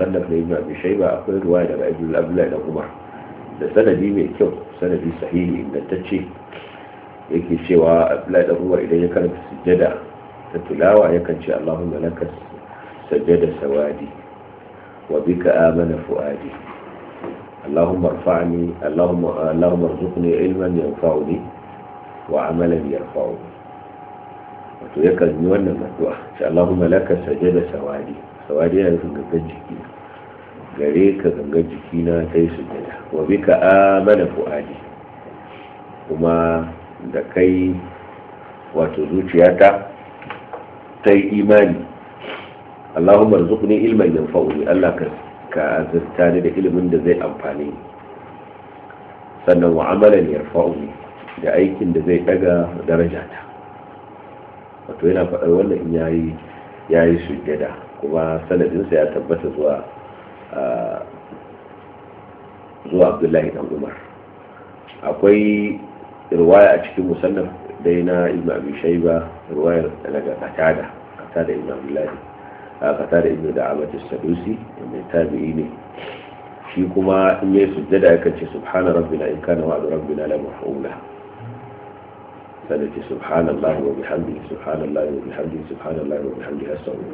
musannaf da ibn abi shayba akwai ruwaya daga ibn abdullah da umar da sanadi mai kyau sanadi sahihi ingantacce yake cewa abdullah da umar idan ya karanta sujjada ta tilawa yakan ce allahumma laka sujjada sawadi wa bika amana fuadi اللهم ارفعني اللهم اللهم ارزقني علما ينفعني وعملا يرفعني to ya kan yi wannan addu'a sai Allahumma laka sajada sawadi sawadi yana nufin gangan jiki gare ka gangan jiki na kai sujada wa bika amana fuadi kuma da kai wato zuciyata ta yi imani Allahumma rzuqni ilman yanfa'uni Allah ka ka azurta ni da ilimin da zai amfani sannan wa amalan yarfa'uni da aikin da zai daga darajata wato yana faɗar wannan in yayi yayi sujjada kuma sanadinsa ya tabbata zuwa zuwa abdullahi dan umar akwai riwaya a cikin musannaf dai na ibn abi shayba riwayar daga qatada qatada ibn abdullahi qatada ibn da'amat as-sadusi mai tabi'i ne shi kuma in yayi sujjada yake ce subhana rabbina in kana wa'du rabbina la mahula ذلك سبحان الله وبحمده سبحان الله وبحمده سبحان الله وبحمده أستغفر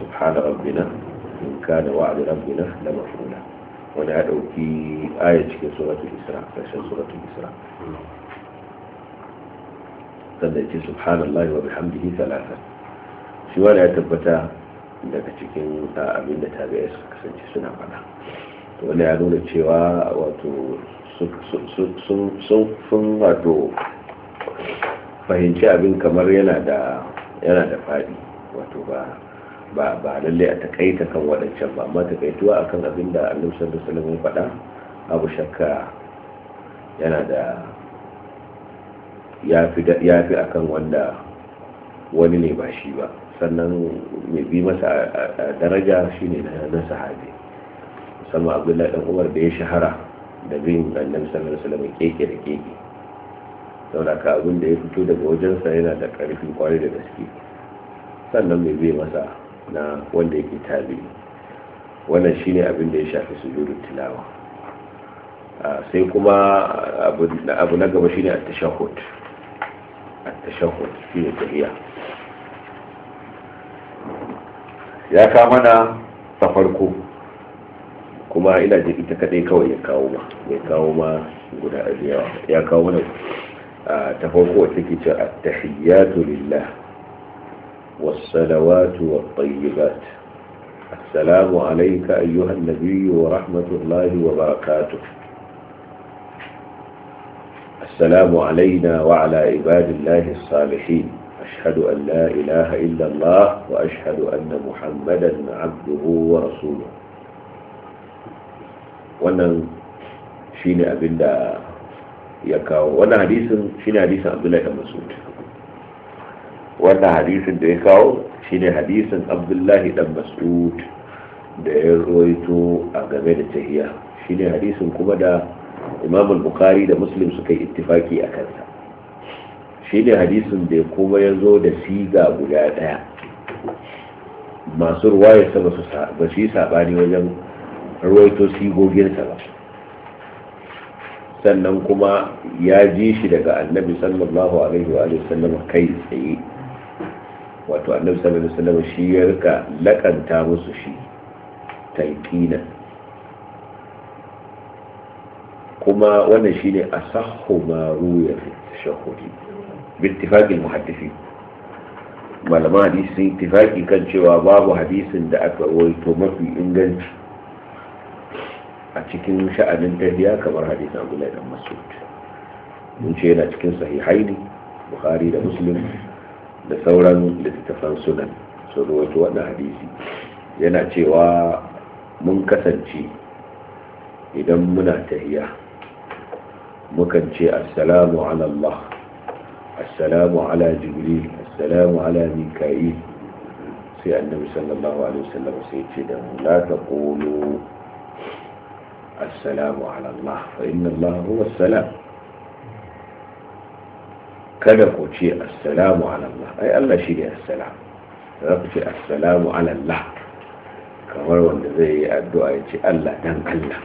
سبحان ربنا إن كان وعد ربنا لمفعولا وندعو في آية في سورة الإسراء في سورة الإسراء ذلك سبحان الله وبحمده ثلاثة سوى لا تبتا ذلك أبين تابعي سكسنتي سنة قدام wanda ya nuna cewa wato sun wato fahimci abin kamar yana da fadi faɗi wato ba ba lalle a takaita kan waɗancan ba amma takaituwa akan abin da annabi sallallahu alaihi faɗa abu shakka yana da ya fi akan wanda wani ne ba shi ba sannan mai bi masa a daraja shine na sahabi musamman abdullahi dan umar da ya shahara da bin annabi sallallahu alaihi wasallam keke da keke saboda ka abin da ya fito daga wajensa yana da karfi kwari da gaske sannan mai bai masa na wanda yake tabi wannan shine abin da ya shafi sujudu tilawa sai kuma abu na gaba shine at-tashahhud at-tashahhud shine tahiyya ya kama na ta farko kuma ina jin ita kadai kawai ya kawo ma ya kawo ma guda yawa ya kawo mana ta farko wacce ke cewa at-tahiyyatu lillah was-salawatu wat-tayyibat assalamu alayka السلام عليك wa النبي ورحمة الله وبركاته السلام علينا وعلى عباد الله الصالحين أشهد أن لا إله إلا الله وأشهد أن محمدا عبده ورسوله wannan ne abin da ya kawo wannan hadisin ne hadisin abdullahi mas'ud wannan hadisin da ya kawo shi ne hadisin abdullahi dan mas'ud da ya roito a game da tahiya ne hadisin kuma da imam al-bukhari da muslim suka yi ittifaki a kansa Shi ne hadisin da kuma ya zo da siga guda daya masu ruwa ya ba su yi sabani wajen ruwaito sigoginsa ba sannan kuma ya ji shi daga annabi sallallahu alaihi wa sallama kai tsaye wato annabi sallallahu alaihi sallama shi ya rika lakanta musu shi talqina kuma wannan shine asahhu ma ruya fi shahudi bi ittifaqi muhaddisi malama hadisi ittifaqi kan cewa babu hadisin da aka rawaito mafi inganci a cikin sha'anin tafiya kamar hadisi abdullahi dan masud mun ce yana cikin sahihaini bukhari da muslim da sauran littattafan sunan sun rawaito wannan hadisi yana cewa mun kasance idan muna tahiya mukan ce assalamu ala Allah assalamu ala jibril assalamu ala mika'il sai annabi sallallahu alaihi wasallam sai ce da mu la taqulu assalamu ala Allah fa inna Allah huwa salam kada ku ce assalamu ala Allah ai Allah shi ne assalam za ku ce assalamu ala Allah kamar wanda zai yi addu'a ya ce Allah dan Allah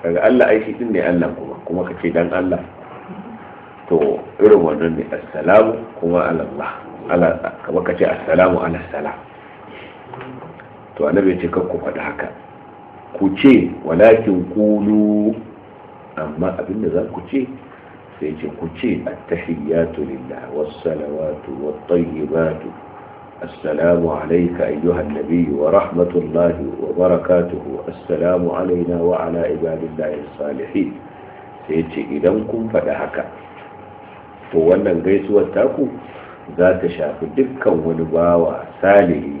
kaga Allah ai shi din ne Allah kuma kuma ka ce dan Allah to irin wannan ne assalamu kuma ala Allah ala kamar ka ce assalamu ala salam to annabi ya ce kakku faɗi haka ku ce walakin kulu amma abin da za ku ce sai ce ku ce attahiyatu lillah wassalawatu wattayyibatu assalamu alayka ayyuha an-nabiy wa rahmatullahi wa barakatuhu assalamu alayna wa ala ibadillahi as sai ce idan kun faɗi haka to wannan gaisuwar taku za ta shafi dukkan wani bawa salihi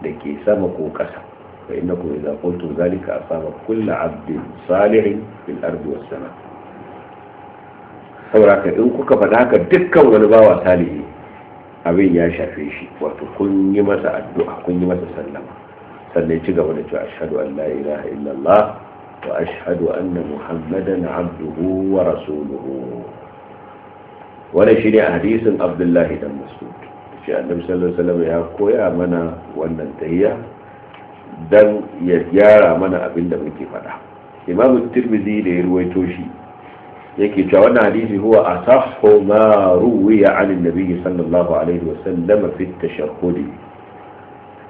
da ke sama ko ƙasa فإنكم إذا قلتم ذلك أصاب كل عبد صالح في الأرض والسماء saboda in kuka faɗa haka dukkan wani bawa salihi abin ya shafe shi wato kun yi masa addu'a kun yi masa sallama sannan ci gaba da cewa ashhadu an la ilaha illallah wa ashhadu anna muhammadan abduhu wa rasuluhu wannan shine hadisin abdullahi dan mas'ud shi annabi sallallahu alaihi wasallam ya koya mana wannan tayya dan ya gyara mana abin da muke fada imamu tirmidhi da ya ruwaito shi yake cewa wannan hadisi huwa asahhu ma ruwiya an nabi sallallahu alaihi wa sallam fi at-tashahhud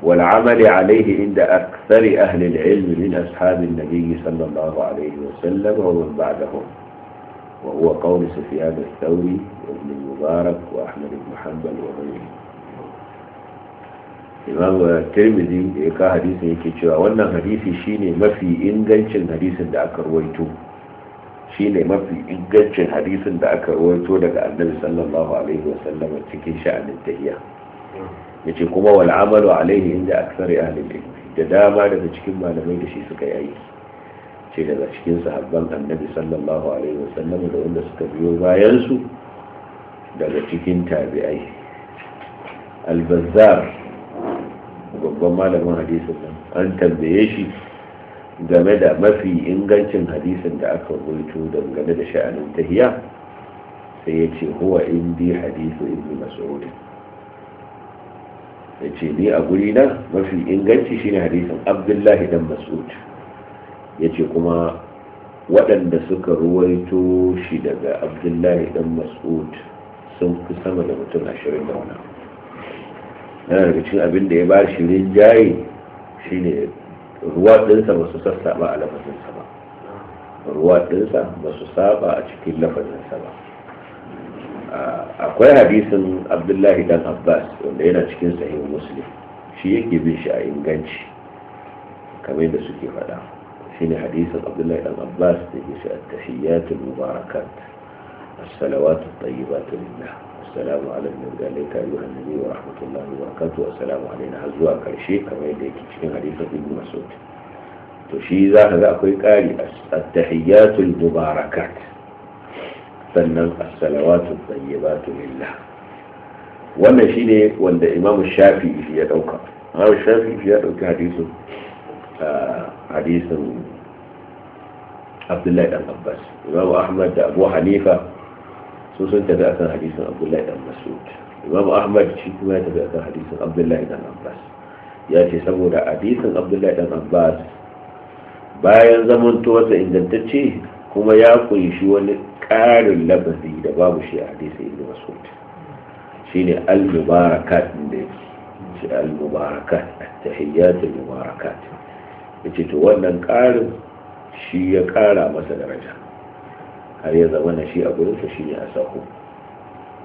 wal 'amal alayhi inda akthar ahli al-'ilm min ashab an-nabi sallallahu alaihi wa sallam wa man ba'dahum وهو قول سفيان الثوري وابن المبارك وأحمد بن حنبل وغيره imam tirmidhi da ya ka hadisin yake cewa wannan hadisi shine mafi ingancin hadisin da aka rawaito shine mafi ingancin hadisin da aka rawaito daga annabi sallallahu alaihi wasallam cikin sha'anin tahiyya yace kuma wal amalu alaihi inda aksar ahli ilmi da dama daga cikin malamai da shi suka yi aiki ce daga cikin sahabban annabi sallallahu alaihi wasallam da wanda suka biyo bayan su daga cikin tabi'ai al-bazzar babban malamin hadisin nan an tambaye shi game da mafi ingancin hadisin da aka rubuto dangane da sha'anin tahiya sai ya ce huwa indi hadisu ibn mas'ud ya ce ni a guri na mafi inganci shine hadisin abdullahi dan mas'ud ya ce kuma waɗanda suka ruwaito shi daga abdullahi dan mas'ud sun fi sama da mutum ashirin da wani yana daga cikin abin da ya ba shi rinjaye shine ruwa dinsa ba su sassaɓa a lafazinsa ba ruwa ɗinsa ba su saba a cikin lafazinsa ba akwai hadisin abdullahi dan abbas wanda yana cikin sahihin muslim shi yake bin shi a inganci kamar da suke faɗa shine hadisin abdullahi dan abbas da yake shi a tahiyyatul mubarakat as-salawatu tayyibatu lillah السلام عليكم ذلك أيها النبي ورحمة الله وبركاته والسلام علينا هزوا كرشي كما يليك في حديث ابن مسعود تشي ذا قال التحيات المباركات فنن الصلوات الطيبات لله وانا شيني وان امام الشافعي في يدوك امام الشافعي في يدوك حديث آه حديث عبد الله بن عباس امام احمد ابو حنيفه su sun tafi akan hadisin abdullahi dan masud imam ahmad shi kuma ya tafi akan hadisin abdullahi dan abbas ya ce saboda hadisin abdullahi dan abbas bayan zaman zamantowarsa ingantacce kuma ya kunshi wani ƙarin lafazi da babu shi a hadisin ibn masud shine al-mubarakat da shi al-mubarakat at-tahiyyat al-mubarakat yace to wannan ƙarin shi ya ƙara masa daraja har ya zama na shi a gurin shi ne a sako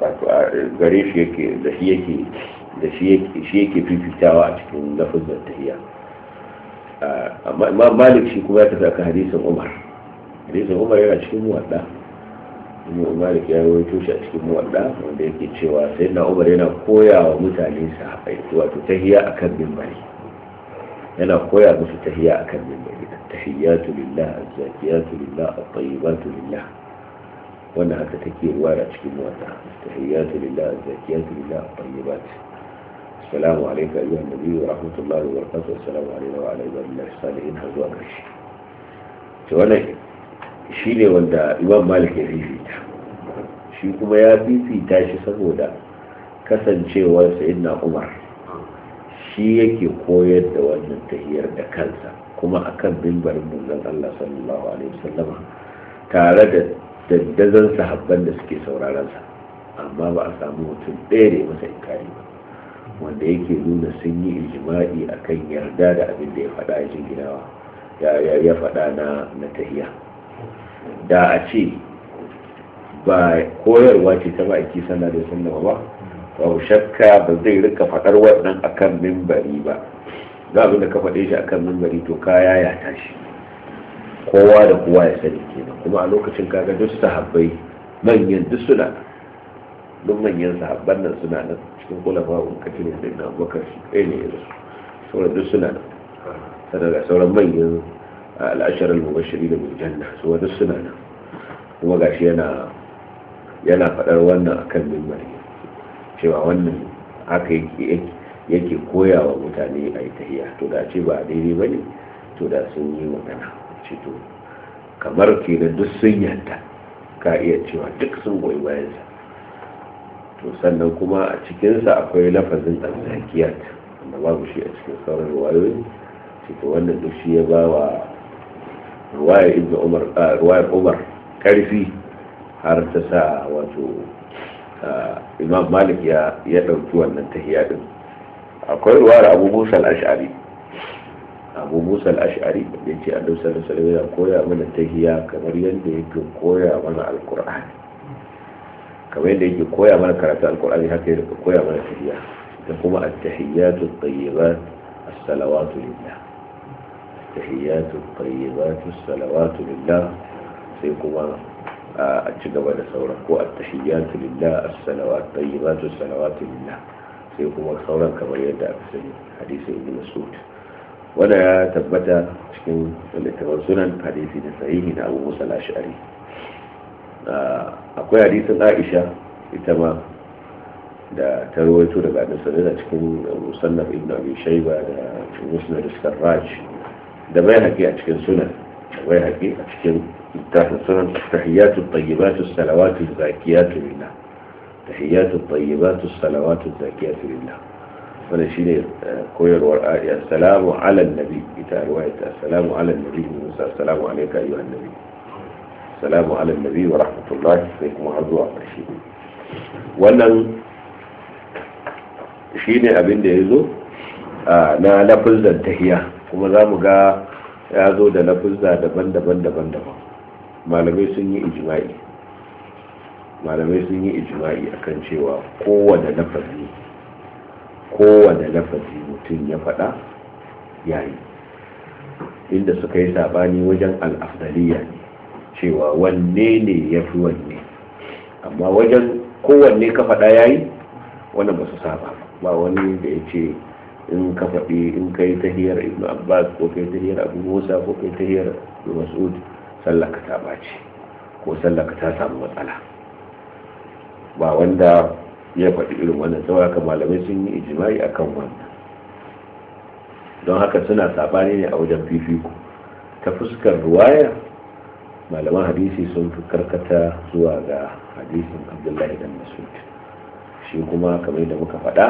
wato a gare shi yake da shi yake da shi yake shi yake fifitawa a cikin lafazin tahiyya amma malik shi kuma ya tafi a hadisin umar hadisin umar yana cikin muwadda ibn malik ya rawaito shi a cikin muwadda wanda yake cewa sai na umar yana koya wa mutane sahabbai wato a akan minbari yana koya musu a akan minbari tahiyatu lillah azzakiyatu lillah at-tayyibatu lillah wanda haka take ruwa a cikin mota tahiyyatu lillah zakiyatu lillah tayyibat السلام عليك أيها النبي ورحمة الله وبركاته والسلام علينا وعلى عباد الله الصالحين هذا أكرش توانا شيني وندا إمام مالك يفيفيتا shi kuma ya fifita shi saboda kasancewar sayyidina umar shi yake koyar da wannan tahiyar da kansa kuma akan mimbarin manzon Allah sallallahu alaihi tare da daddazan sahabban da suke sauraron amma ba a samu mutum ɗaya ya masa inkari ba wanda yake nuna sun yi a kan yarda da abin da ya faɗa a jinginawa ya faɗa na na tahiya da a ce ba koyarwa ce ta baki sana da sunna ba babu shakka ba zai rika faɗar wannan akan mimbari ba za abin da ka faɗe shi akan mimbari to ka yaya tashi kowa da kowa ya sani kenan kuma a lokacin kaga duk sahabbai manyan duk suna duk manyan sahabban nan suna nan cikin kulafa un katilin da na bakar shi kai ne yanzu sauran duk suna nan sannan ga sauran manyan al'ashar al-mubashiri da mujanna su wani suna nan kuma gashi yana yana faɗar wannan akan mimbar cewa wannan haka yake koya wa mutane a yi tahiya to da ce ba daidai ba ne to da sun yi magana ce to kamar kenan duk sun yadda ka iya cewa duk sun goyi bayansa to sannan kuma a cikinsa akwai lafazin alzakiyat wanda babu shi a cikin sauran ruwayoyi cikin wannan duk shi ya ba wa ruwayar ibn umar ruwayar umar karfi har ta sa wato imam malik ya dauki wannan tahiya akwai ruwayar abu musa al-ash'ari abu musa al'ashari ya ce a dausar da salama yana koya mana tahiya kamar yadda yake koya mana alkur'ani kamar yadda yake koya mana karatu alkur'ani haka yadda koya mana tahiya da kuma at-tahiyyatu at-tayyibat as-salawatu lillah at-tahiyyatu at-tayyibat as-salawatu lillah sai kuma a ci gaba da sauran ko at-tahiyyatu lillah as-salawatu at-tayyibatu as-salawatu lillah sai kuma sauran kamar yadda aka sani hadisi ibn mas'ud wanda ya tabbata cikin littafin sunan hadisi da sahihi na abu musa ashari akwai hadisin aisha ita ma da ta rawaito daga annabi sallallahu alaihi cikin musannaf ibn abi Shaiba da musnad as-sarraj da bai haƙi a cikin sunan da bai haƙi a cikin littafin sunan tahiyatu tayyibatu salawatu zakiyatu lillah tahiyatu tayyibatu salawatu zakiyatu lillah wanda shi ne eh, koyarwar ariya. salamu ala nabi ita riwaya ta salamu ala nabi musa salamu yi ayyuha nabi salamu ala nabi wa rahmatullahi sai kuma har zuwa ƙarshe wannan shi ne abin da ya zo na lafizan tahiya kuma za mu ga ya zo da lafizza daban-daban daban-daban malamai sun yi ijima'i malamai sun yi ijima'i akan cewa kowane lafazi kowane lafazi mutum ya faɗa yayi inda suka yi sabani wajen al'afdaliya ne cewa wanne ne ya fi wanne amma wajen kowanne ka faɗa yayi wannan ba su saba ba wani da ya ce in ka faɗi in kai hiyar ibn abbas ko kai hiyar abu musa ko kai hiyar mas'ud sallaka ta ko sallaka ta samu matsala ba wanda ya faɗi irin wannan sau haka malamai sun yi ijimai a kan wannan don haka suna sabani ne a wajen fifiko ta fuskar ruwaya malaman hadisi sun fi karkata zuwa ga hadisin abdullahi dan masud shi kuma kamar da muka faɗa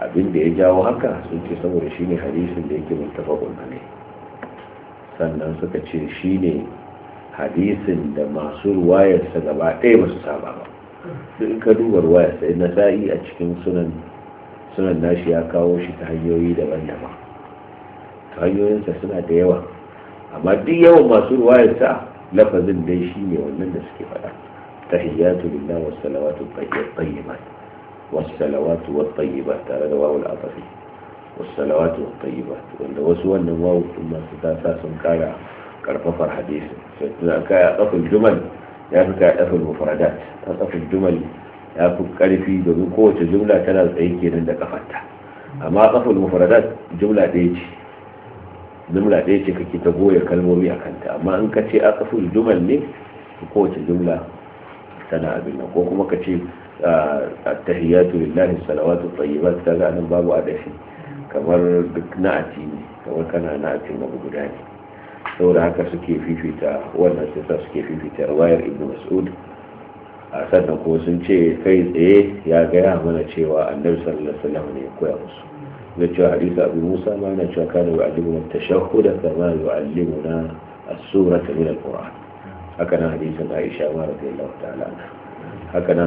abin da ya jawo haka sun ce saboda shi ne hadisin da yake mutafakun ne sannan suka ce shi ne hadisin da masu ruwayarsa gaba ɗaya ba su saba ba in ka duba ruwaya sai na sa'i a cikin sunan sunan nashi ya kawo shi ta hanyoyi daban-daban ta hanyoyinsa suna da yawa amma duk yawan masu ruwayar sa lafazin dai shi ne wannan da suke faɗa ta tahiyyatu lillahi was salawatu tayyibat was salawatu wat tayyibat tare da wawul atafi was salawatu wat tayyibat wanda wasu wannan wawu masu ta sun kara karfafar hadisi sai kaya ya kafin jumal ya fi ka ɗafin mufradat ta ɗafin jumali ya fi ƙarfi domin kowace jumla tana tsaye kenan da kafarta amma ɗafin mufradat jumla ɗaya ce jumla ɗaya ce kake ta goya kalmomi a kanta amma in ka ce a ɗafin jumal ne kowace jumla tana abin nan ko kuma ka ce hiyatu lillahi salawatu tayyibat kaga nan babu adafi kamar duk na'ati ne kamar kana na'atin abu guda ne saboda haka suke fifita wannan sai suke fifita wayar ibn mas'ud a sannan kuma sun ce kai tsaye ya gaya mana cewa annabi sallallahu alaihi wasallam ne ya koya musu na cewa hadisi abu musa ma yana cewa kana alimuna tashahhuda kama yu'allimuna as-surata min al-qur'an haka nan hadisin aisha ma radiyallahu ta'ala haka nan